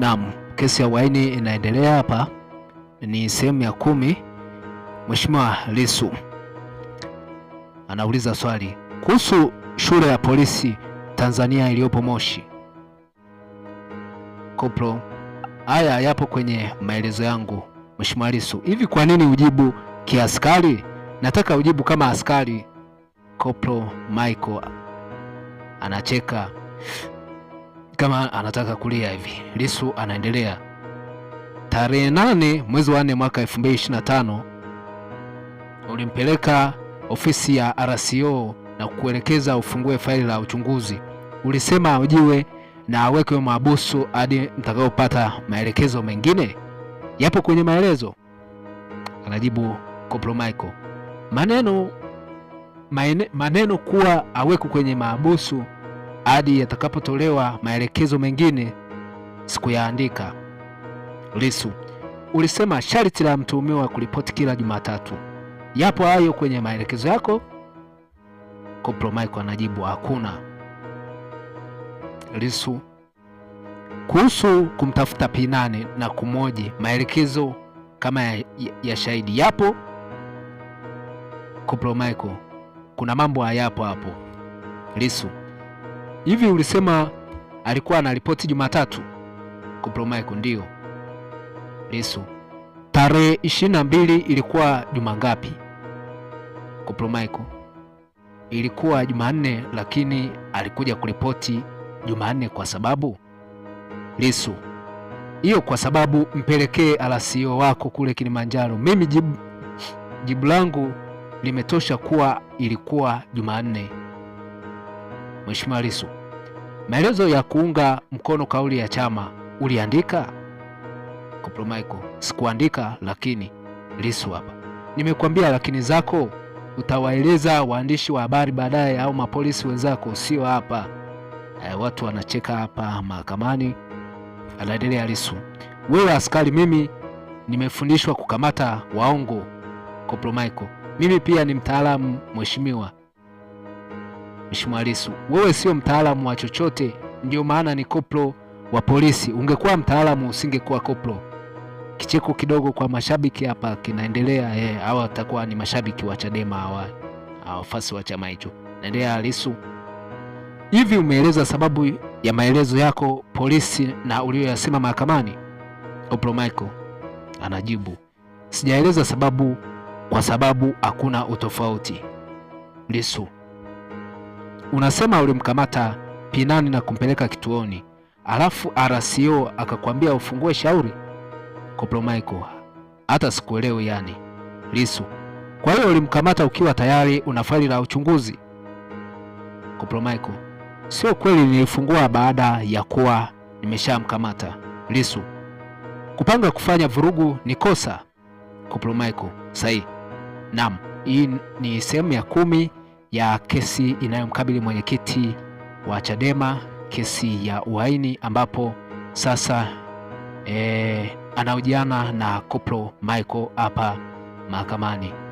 Naam, kesi ya uhaini inaendelea hapa, ni sehemu ya kumi. Mheshimiwa Lissu anauliza swali kuhusu shule ya polisi Tanzania iliyopo Moshi. Kopro, haya yapo kwenye maelezo yangu. Mheshimiwa Lissu, hivi kwa nini ujibu kiaskari? Nataka ujibu kama askari. Kopro Michael anacheka kama anataka kulia hivi. lisu anaendelea. Tarehe nane mwezi wa nne mwaka 2025 ulimpeleka ofisi ya RCO na kuelekeza ufungue faili la uchunguzi. Ulisema ujiwe na awekwe mahabusu hadi mtakaopata maelekezo mengine, yapo kwenye maelezo. Anajibu Koplo Michael, maneno maneno kuwa awekwe kwenye mahabusu hadi yatakapotolewa maelekezo mengine. Sikuyaandika. Lisu, ulisema sharti la mtuhumiwa kuripoti kila Jumatatu, yapo hayo kwenye maelekezo yako? Koplo Michael anajibu hakuna. Lisu, kuhusu kumtafuta P8 na kumoji, maelekezo kama ya, ya shahidi yapo? Koplo Michael: kuna mambo hayapo hapo. lisu Hivi ulisema alikuwa anaripoti Jumatatu? Compromico: ndio. lisu tarehe 22 ilikuwa juma ngapi? Compromico: ilikuwa Jumanne, lakini alikuja kuripoti Jumanne kwa sababu lisu hiyo kwa sababu mpelekee alasio e wako kule Kilimanjaro. Mimi jibu jibu langu limetosha kuwa ilikuwa Jumanne. Mheshimiwa Lissu, maelezo ya kuunga mkono kauli ya chama uliandika? Michael, sikuandika, lakini Lissu hapa nimekuambia, lakini zako utawaeleza waandishi wa habari baadaye, au mapolisi wenzako, sio hapa. E, watu wanacheka hapa mahakamani. Anaendelea Lissu, wewe askari, mimi nimefundishwa kukamata waongo. Michael, mimi pia ni mtaalamu mheshimiwa Mheshimiwa Lissu, wewe sio mtaalamu wa chochote, ndio maana ni koplo wa polisi. Ungekuwa mtaalamu usingekuwa koplo. Kicheko kidogo kwa mashabiki hapa kinaendelea. Eh, hawa watakuwa ni mashabiki wa Chadema hawa, wafasi wa chama hicho. Naendelea Lissu, hivi umeeleza sababu ya maelezo yako polisi na uliyoyasema mahakamani? Koplo Michael anajibu, sijaeleza sababu kwa sababu hakuna utofauti. Lissu Unasema ulimkamata Pinani na kumpeleka kituoni, alafu RCO akakwambia ufungue shauri? Koplo Michael: hata sikuelewi yani. Lisu: kwa hiyo ulimkamata ukiwa tayari una faili la uchunguzi? Koplo Michael: sio kweli, nilifungua baada ya kuwa nimeshamkamata. Lisu: kupanga kufanya vurugu ni kosa? Koplo Michael: sahihi. Naam, hii ni sehemu ya kumi ya kesi inayomkabili mwenyekiti wa Chadema, kesi ya uhaini, ambapo sasa e, eh, anaojiana na Koplo Michael hapa mahakamani.